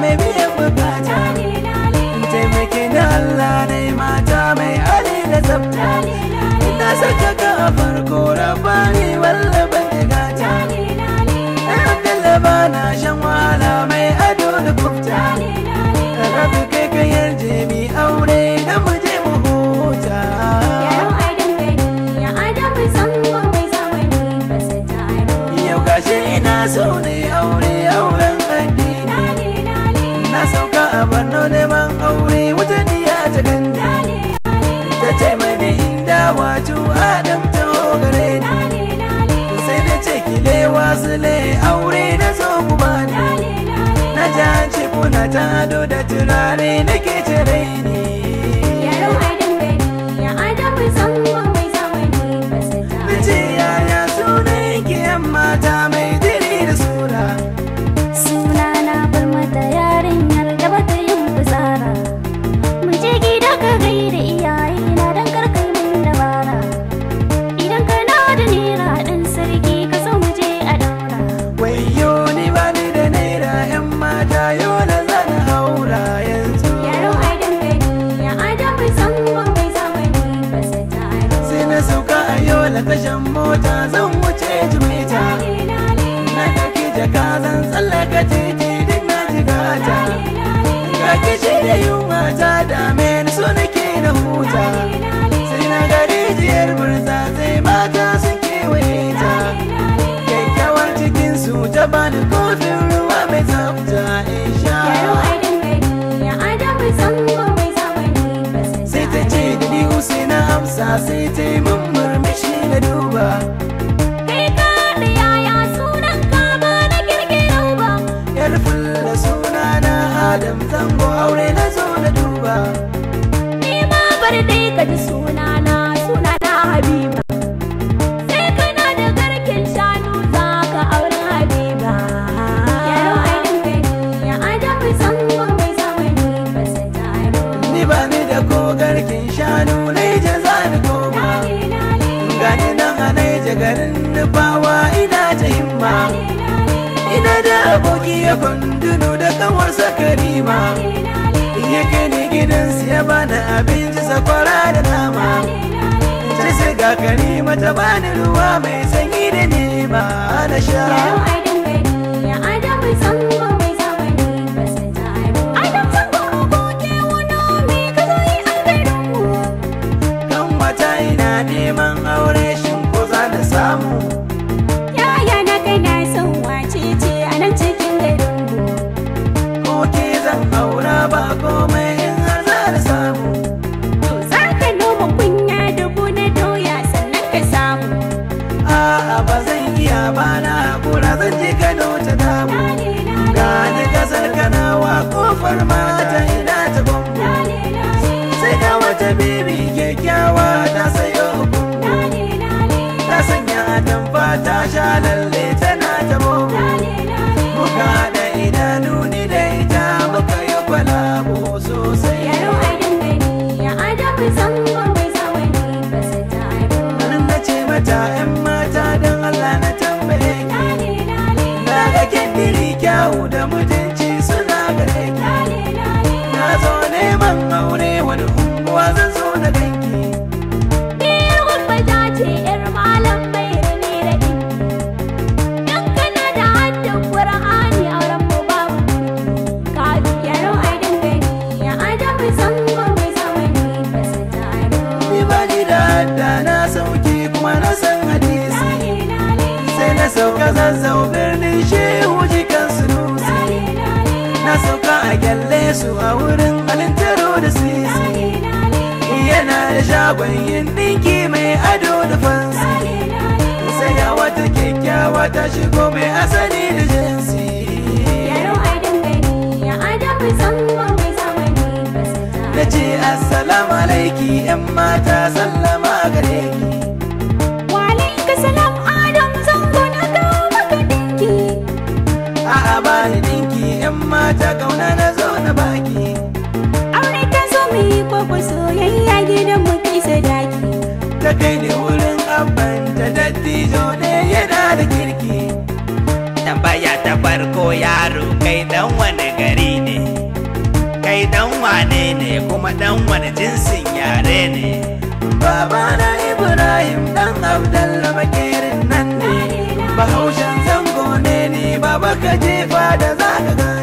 mai biyan bukata taimake na Allah ne mata mai hali da tsabta sule aure na zo ku bani na jace kuna ta ado da turare nake tare ni dole tashan mota zan wuce jimita na ɗauki jaka zan tsallaka titi duk na ji gata ga kishi da yi ta dame ni so nake na huta adam zango aure na zo na duba ni ma bar dai ka ji sunana sunana habiba sai kana da garkin shanu za ka aure habiba yaro ainihin gani ya adam zango mai zamani ba su taro ni ba ni da ko garkin shanu na yi jaza ni koma gani na hana garin aboki ya kundunu da kawarsa karima ya kai ni gidansu ya bani abinci sakwara da nama ta siga karima ta bani ruwa mai sanyi da nema na sha tsanci Kano ta damu gani kasar Kanawa kofar mata ina ta bambu sai ga wata bibi kyakkyawa ta sayo ta sanya atamfa ta sha lalle zazzau birnin shehu jikan su nusi na sauka a gyalle su a wurin alintaro da sisi yana da shagon yin ɗinki mai ado da fansi saya wata kyakkyawa ta shigo mai asali da jinsi na ce assalamu alaiki 'yan mata sallama gare kai ni wurin abban da dattijo ne yana da kirki tambaya ta farko yaro kai dan wani gari ne kai dan wane ne kuma dan wani jinsin yare ne babana ibrahim dan abdalla makerin nan ne bahaushen zango ne ni baba ka jefa da zaka